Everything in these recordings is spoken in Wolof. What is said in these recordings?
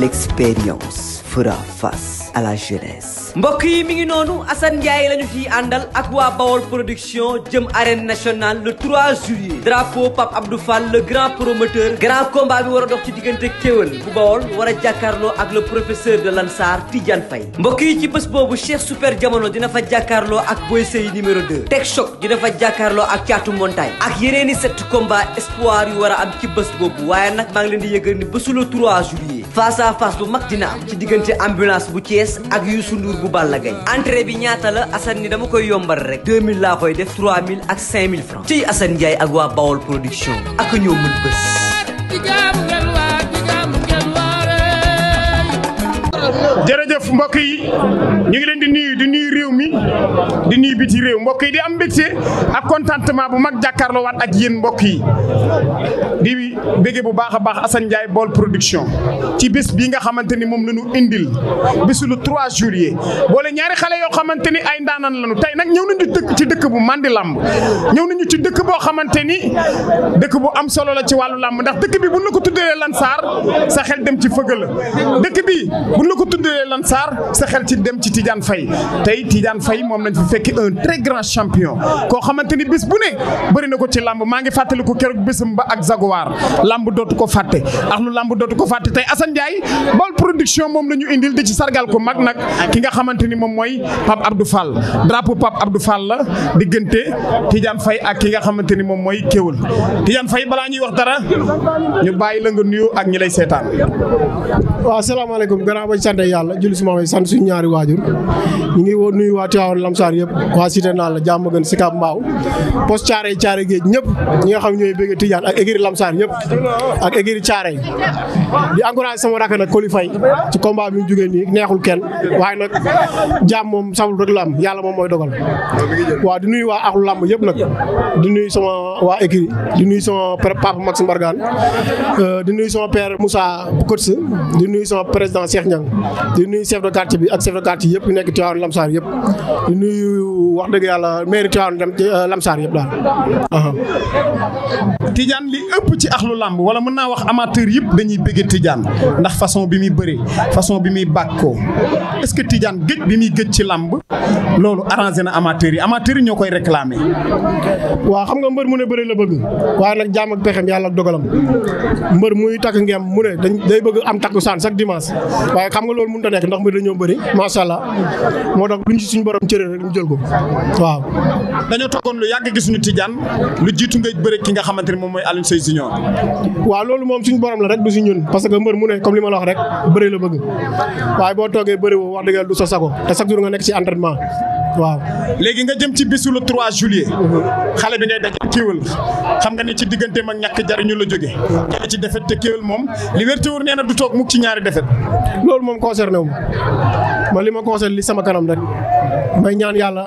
l'expérience fera face. à mbokk yi mu ngi noonu Assane Ndiaye la ñu ciy àndal ak waa Bawol production jëm arène nationale le 3 juillet drapeau Pape Abdou Fall le grand promoteur grand combat bi war a dox ci diggante kéwél bu Bawol war a jàkkaarloo ak le professeur de Lansar Tidiane Faye mbokk yi ci bés boobu Cheikh Super Jamono dina fa jàkkaarloo ak Boy Sey numéro 2 Teg Choc dina fa jàkkaarloo ak Caatu Montagne ak yeneen i sept combat espoir yu war a am ci bés boobu waaye nag maa ngi leen di yëgal ni bésu le 3 juillet face à face am ci bu Thiès Thiès ak Youssou Ndour bu Balla Gaye entrée bi ñaata la Assane ni dama koy yombal rek 2000 laa koy def 3000 ak 5000 francs ci Assane Ndiaye ak waa Bawol production ak ñoo mën bés. jërëjëf mbokk yi ñu ngi leen di nuyu di nuyu biti réew mbokk yi di am mbégte ak contentement bu mag jàkkaarloo waat ak yéen mbokk yi di bége bu baax a baax Assane Ndiaye bool production ci bis bii nga xamante ni moom la ñu indil bésu trois 3 juillet boole ñaari xale yoo xamante ni ay ndaanan lañu tey nag ñëw nañu dëkk ci dëkk bu mandi làmb ñëw ñu ci dëkk boo xamante ni dëkk bu am solo la ci wàllu làmb ndax dëkk bi bu ñu la ko tuddalee saar sa xel dem ci fëgg la dëkk bi bu ñu la ko tuddalee Lansar sa xel ci dem ci Tidiane Faye tey moom lañ fi fekki un très grand champion koo xamante ni bis bu ne bëri na ko ci làmb maa ngi fàttaliku keroog bésam ba ak Jaguar làmb dootu ko fàtte ak lu làmb dootu ko fàtte tey Assane Ndiaye Baol production moom la ñu indil di ci sargal ko mag nag ki nga xamante ni moom mooy Pape Abdou Fall drapeau Pape Abdou Fall la diggante Tidiane Faye ak ki nga xamante ni moom mooy Kéwul Tidiane fay balaa ñuy wax dara ñu bàyyi la nga nuyoo ak ñi lay seetaan. waaw salaamaaleykum gannaaw ba sant yàlla julli si maam sant ñaari waajur waa Tivaouane lamsaar yëpp waa Cité naa la jàmm gën Sicap Mbao poste Thiaroye Thiaroye géej ñëpp ñi nga xam ñooy bëgg Tidiane ak écurie lamsaar yëpp ak écurie Thiaroye di encouragé sama rakk nag Coly ci combat bi mu jógee nii neexul kenn waaye nag jàmm moom sabul rek la yàlla moom mooy dogal waaw di nuyu waa axlu làmb yëpp nag di nuyu sama waa écurie di nuyu sama papa Max Mbargane euh, di nuy sama père Moussa Kotse di nuyu sama président Cheikh Niang di nuy chef de quartier bi ak chef de quartier yëpp nekk Tivaouane lamsaar yëpp di nuyu wax dëgg yàlla maire Tivaouane dem ci euh, lamsaar yëpp daal. Tidiane li ëpp ci axlu làmb wala mën naa wax amateur yëpp dañuy bëgg Tidiane ndax façon bi muy bëree façon bi muy bàkkoo est-ce que Tidiane gëj bi muy gëj ci làmb loolu arrangé na amateur yi amateur ñoo koy réclamer. waa xam nga mbër mu ne bëri la bëgg waaye nag jaam pexem yàlla ak dogalam mbër muy takk ngeem mu ne dañ day bëgg am takku saan chaque dimanche waaye xam nga loolu mënut a nekk ndax mbër dañoo bëri bëre jël ko waaw. dañoo toogoon lu yàgg gis ñu Tidiane lu jiitu ngay bëre ki nga xamante ne moom mooy Alioune Seye Junior. waaw loolu moom suñu borom la rek du si ñun parce que mbër mu ne comme li ma la wax rek bëre la bëgg boo toogee bëre woo wax dëgg yàlla sa sago te chaque jour nga nekk ci entraînement. léegi nga jëm ci bisu le 3 juillet. Mhm. xale bi ngay dajal kéwél xam nga ne ci digganteem ak ñàkk jariñu la jóge nga ci defet te kéwél moom li wér nee na du toog mukk ci ñaari defet loolu moom concerné wu ma man li ma concerné li sama kanam rek may ñaan yàlla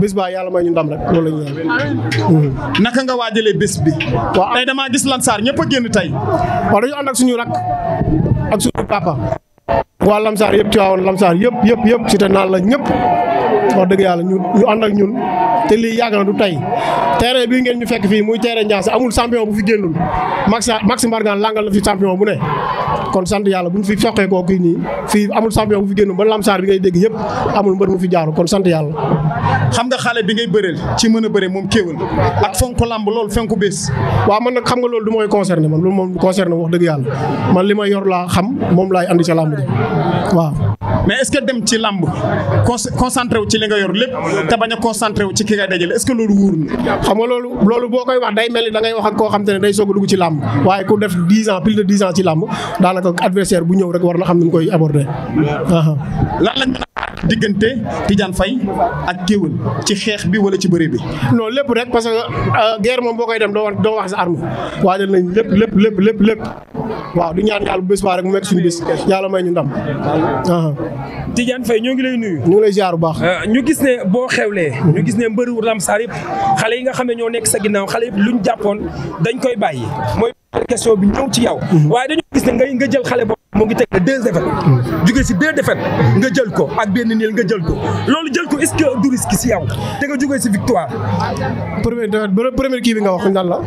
bés yàlla may ñu ndam rek loolu ñu ñaan. Hmm. naka nga waajalee bés bi. waaw tey damaa gis Lansar ñëpp a génn tey. waaw dañu ànd ak suñu rak ak suñu papa. waa Lamsaar yëpp ci waawoon Lamsaar yëpp yëpp yëpp ci te ñëpp. wax dëgg yàlla ñu ñu ànd ak ñun te lii yàgg na du tey terrain bi ngeen ñu fekk fii muy terrain Ndiassé amul champion bu fi génnul Max Max Mbargane langal na fi champion bu ne kon sant yàlla bu ñu fi soqee koo kii nii fii amul champion bu fi génnul ba lamsaar bi ngay dégg yëpp amul mbër mu fi jaaru kon sant yàlla xam nga xale bi ngay bëreel ci mën a bëre moom kéwal ak fonk lamb lool fonk bés waaw man nag xam nga loolu du mooy concerné man loolu moom concerné wax dëgg yàlla man li ma yor laa xam moom laay andi ca lamb ji waaw mais est-ce que dem ci làmb concentré wu ci li nga yor lépp te bañ a concentré wu ci ki ngay dajale est-ce que loolu wóor na xam nga loolu loolu boo koy wax day mel ni da ngay wax ak koo xam te ne day sooga a dugg ci làmb waaye ku def dix ans plus de dix ans ci làmb daanaka adversaire bu ñëw rek war na xam ni mu koy aborder. lan lañ diggante Tidiane Faye ak Kéwel ci xeex bi wala ci bëri bi. non lépp rek parce que euh, guerre moom boo koy dem doo doo wax sa arme waajal lépp lépp lépp lépp lépp waaw du ñaan yàlla bu bés baa rek mu nekk suñu bés yàlla may ñu ñu ngi lay ziar bu baax. Euh, ñu gis ne boo xewlee. ñu gis ne mbëru yi nga xam ne ñoo nekk sa ginnaaw xale yëpp luñ jàppoon dañ koy bàyyi mooy question bi mhm. waaye dañoo gis ne nga jël xale boobu. mu ngi teg deux défaites. si deux défaites nga jël ko ak benn niil nga jël ko loolu jël ko est-ce que du risque si yow te nga si victoire. premier défaite premier kii bi nga wax nan la.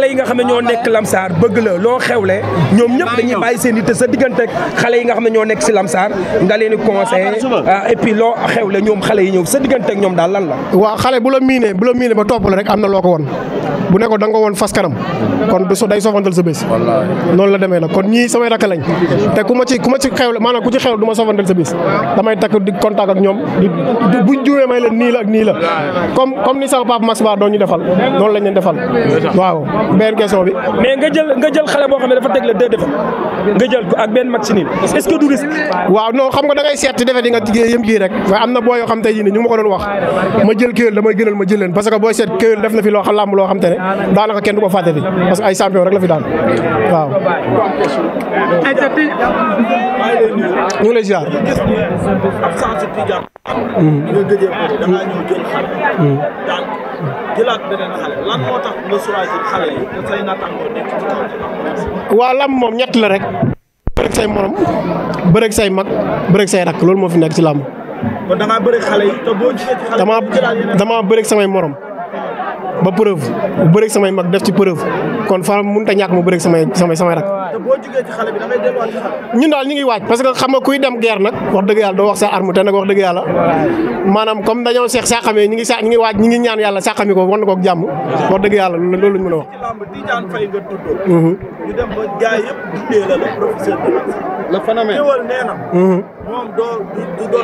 xale yi xam ne ñoo nekk Lamsaar bëgg la loo xewle ñoom ñëpp dañuy bàyyi seen i te sa diggante ak xale yi nga xam ne ñoo nekk si Lamsaar nga leen di conseillé ah, ah, et puis loo xewle ñoom sa diggante ak ñoom daal lan la. waaw xale bu la miinee bu la miinee loo ko ko da nga ko woon fas kanam kon du so day sofantal sa noonu la demee nag kon ñii samay rakk lañ te ku ma ci ku ma ci xewle maanaam ku ci xewle du ma sofantal sa bés damay takk di contact ak ñoom di buñ may leen nii la ak nii la comme comme ni sama papa Mass Ba doon ñu defal noonu lañ leen defal waaw benn question bi. mais nga jël nga jël xale boo xam ne dafa teg la deux défaites nga jël ak benn match nul est-ce que du waaw non xam nga da ngay seet défaite yi nga yëm kii rek waaye am na boo yoo xam tey jii nii ñu ngi ma ko doon wax ma jël Keweul damay gënal ma jël leen parce que booy seet Keweul def na fi loo xam làmb loo xam te ne daanaka kenn du ko fàtte fi parce que ay champion rek la fi daan waaw. ñu ngi lay waa làmb moom ñett la rek. bërëg say morom bërëg say mag bërëg say rakk loolu moo fi nekk ci làmb. kon da damaa bëri samay moroom ba preuve bu bëri samay mag def ci preuve kon fa mënut a ñàkk mu bëri samay samay samay te boo ñun daal ñu ngi waaj parce que xam nga kuy dem geer nag wax dëgg yàlla doo wax sa arme te nag wax dëgg yàlla maanaam comme dañoo seex saaxamee ñi ngi sa ñi ngi waaj ñi ngi ñaan yàlla saaxami ko war na ko ak jàmm wax dëgg yàlla loolu loolu ñu mën a wax ci lamb moom doo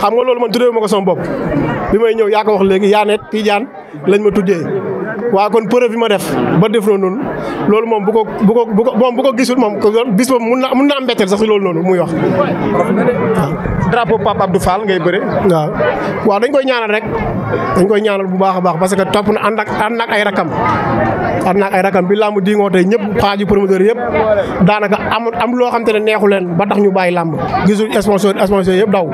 xam nga loolu man tuddee ma ko sama bopp bi may ñëw yaa ko wax léegi yaa ne lañ ma tuddee waaw kon preuve bi ma def ba def loolu noonu loolu moom bu ko bu ko bu ko moom bu ko gisul moom bis boobu mun na mun na am mbetteel sax loolu noonu muy wax. drapeau Pape Abdou Fall ngay bëre. waa waaw dañ koy ñaanal rek dañ koy ñaanal bu baax a baax parce que topp na ànd ak ànd ay rakam. am naa ay rakam bi làmb diingoo tey ñëpp xaaju promoteur yëpp daanaka am am loo xam te ne neexu leen ba tax ñu bàyyi làmb gisul sponsor sponsor yëpp daw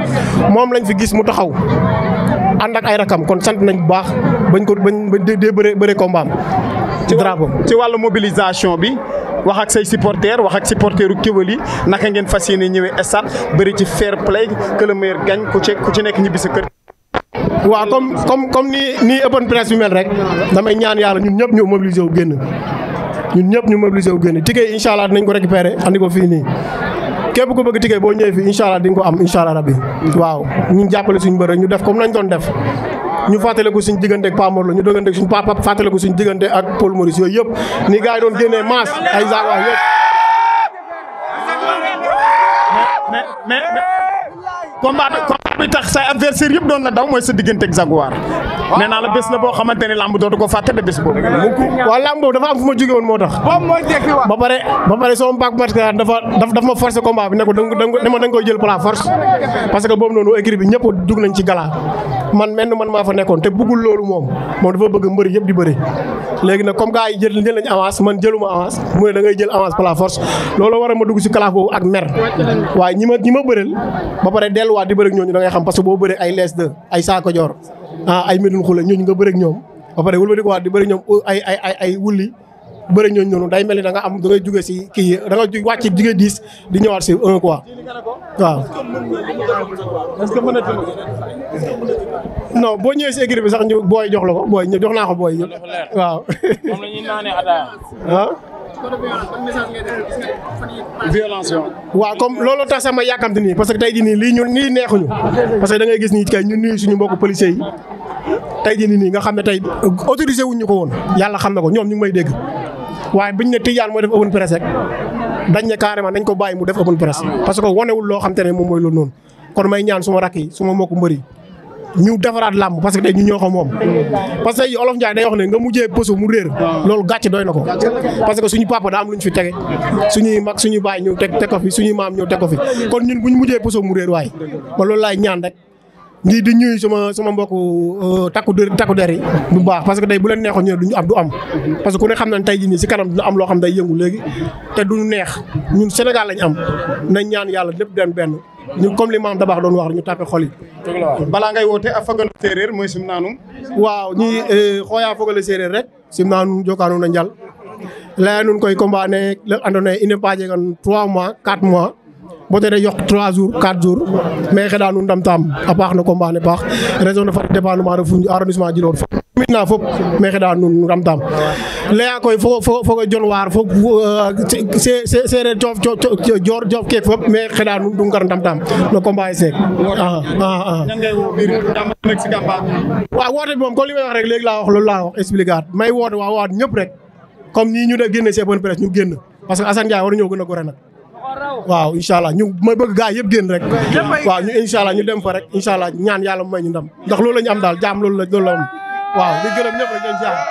moom lañ fi gis mu taxaw ànd ak ay rakam kon sant nañ bu baax bañ ko bañ bañ dee bëre bëre combat ci drapeau ci wàllu mobilisation bi wax ak say supporters wax ak supporteru Kéwél yi naka ngeen fas yéene ñëwee stade bëri ci fair play que le meilleur ku ku ci nekk ñibbi sa kër. waaw comme comme comme ni nii open press bi mel rek damay ñaan la ñun ñëpp ñu mobiliser wu génn ñun ñëpp ñu mobiliser wu génn ticket yi incha allah dinañ ko récupérer andi ko fii nii. képp ku bëgg ticket boo ñëwee fii incha allah di nga ko am incha allah rabbi waaw ñu jàppale suñu mbër ñu def comme nañ doon def. ñu fàttale ko suñ diggante ak Pamor ñu dogante suñ papa fàttale ko suñ diggante ak Paul Maurice yooyu yëpp ni gars yi doon génnee maas ay zaa wax yëpp. mais li tax say adversaire yëpp doon la daw mooy sa diggante ak Jaguar nee naa la bés la boo xamante ne lamb dootu ko fàtte de bés boobu waaw lamb boobu dafa am fu ma jóge moo tax ba pare ba pare sama baak matkaa dafa dafa ma forcé combat bi ne ko danga koy jël par force parce que boobu noonu écrit bi ñëpp dugg nañ ci gala man mel man maa fa nekkoon te bëggul loolu moom moom dafa bëgg mbëri yëpp di bëri léegi nag comme gars yi jël jël nañ avance man jëluma avance mu ne da ngay jël avance par la force loolu war a ma dugg si kalaaf boobu ak mer waaye ñi ma ñi ma bëril ba pare delluwaat di bëri ñooñu da ngay xam parce que boo bëree ay lees de ay saako joor ah ay medun xule ñooñu nga bëri ñoom ba pare wëlbati ko waat di bëri ñoom ay ay ay ay wulli bëri ñooñu noonu day mel ni danga nga am da ngay si kii da nga wàcc jugee dix di ñëwaat si un quoi waaw. no boo ñëwee si équipe bi sax ñu booy jox la ko booy ñu jox naa ko booy yëpp waaw. ah. waaw comme loolu tax sama yàkkamti nii parce que tey jii nii lii ñu nii neexuñu parce que da ngay gis nii kay ñu nuyu suñu mbokk policiers yi tey jii nii nga xam ne tey autorisé wuñu ko woon yàlla xam na ko ñoom ñu may dégg. waaye biñ ne Tidiane mooy def open press rek dañ ne carrément nañ ko bàyyi mu def open press parce que wanewul loo xam te ne moom mooy loolu noonu kon may ñaan suma rakk suma mbokku mbër yi ñu làmb parce que tey ñu ñoo ko moom parce que olof Ndiaye day wax ne nga mujjee poso mu réer loolu gàcce doy na ko parce que suñu papa daa am lu fi tege suñuy mag suñu baay ñëw teg teg ko fi suñuy maam ñëw teg ko fi kon ñun ñu mujjee poso mu réer waaye ñaan rek di di ñuy sama sama mbokku euh, takku der takku der yi bu baax parce que tey bu leen neexoon ñu ne duñu am du am parce que ku ne xam nañ tey jii nii si kanam dina am loo xam day yëngu léegi te duñu neex ñun Sénégal lañ am nañ ñaan yàlla lépp dem benn ñu comme li maam Dabax doon wax ñu tàppe xol yi. balaa ngay woote a fogale séeréer mooy sim naanum waaw ñi eh, xooyaa fogale séeréer rek sim naanum jokkaanu na njal laya nun koy combat ne le andoona yee il n'est pas jegan mois 4 mois boo tee day yokk 3 jours 4 jours mais xeɗa nuun ndam taam a paax no combat ne paax région de Fatick département de Foundiougne arrondissement Djilor fop min na fop mais xeɗa nuun ndam taam laya koy fogo jon waar fo euh, sereer joof joor joof keek fop mais xeɗa nuun du ngar ndam taam no combat seek ah, ah, ah. waaw woote moom comme li may wax rek léegi laa wax loolu laa wax expliqué may woote waa waat ñëpp rek comme nii ñu def génne seen bonne presse ñu génn parce que Assane Ndiaye waru ñëw gën a gore nag waaw incha allah ñu may bëgg gaa yëpp génn rek. waaw ñu ñu dem fa rek incha allah ñaan yàlla may ñu ndam ndax loolu la am daal jaam loolu la loolu la am waaw di gërëm ñëpp rek incha allah.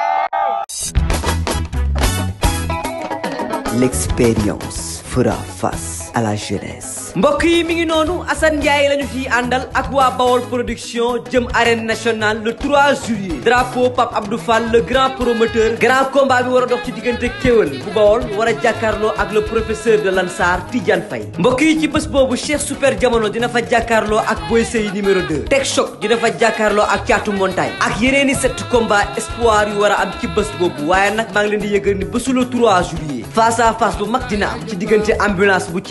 L'expérience fera face. à la jeunesse. mbokk yi mi ngi noonu Assane Ndiaye la ñu ciy àndal ak waa Bawol production jëm arène national le 3 juillet drapeau Pape Abdou Fall le grand promoteur grand combat bi war a dox ci diggante Kéwél bu Bawol war a jàkkaarloo ak le professeur de Lansar Tidiane Faye mbokk yi ci bés boobu Cheikh Super Jamono dina fa jàkkaarloo ak Boy Sey numéro 2 Tech Choc dina fa jàkkaarloo ak Caatu Montagne ak yeneen i sept combats espoir yu war a am ci bés boobu waaye nag maa ngi leen di yëgal ni bésu le 3 juillet face à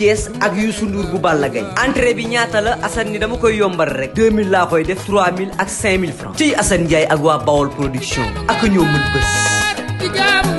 Thiès ak Youssou Ndour bu bi ñaata la Assane ni dama koy yombal rek 2000 laa koy def 3000 ak 5000 francs ciy Assane Ndiaye ak waa Bawol production ak ñoo mën bés